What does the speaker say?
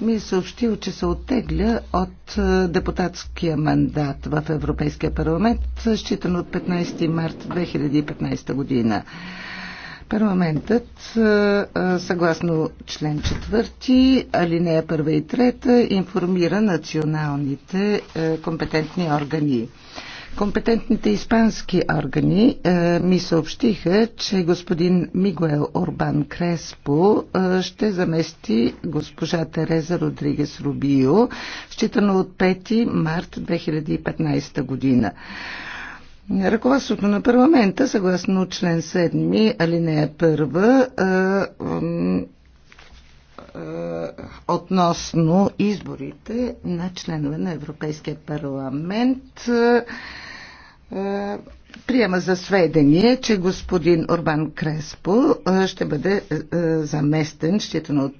ми е съобщил, че се оттегля от е, депутатския мандат в Европейския парламент, считан от 15 март 2015 година. Парламентът, е, е, съгласно член 4, алинея 1 и 3, информира националните компетентни органи. Компетентните испански органи е, ми съобщиха, че господин Мигуел Орбан Креспо е, ще замести госпожа Тереза Родригес Рубио, считано от 5 март 2015 година. Ръководството на парламента, съгласно член 7, алинея 1, е, е, относно изборите на членове на Европейския парламент приема за сведение, че господин Орбан Креспо ще бъде заместен, считано от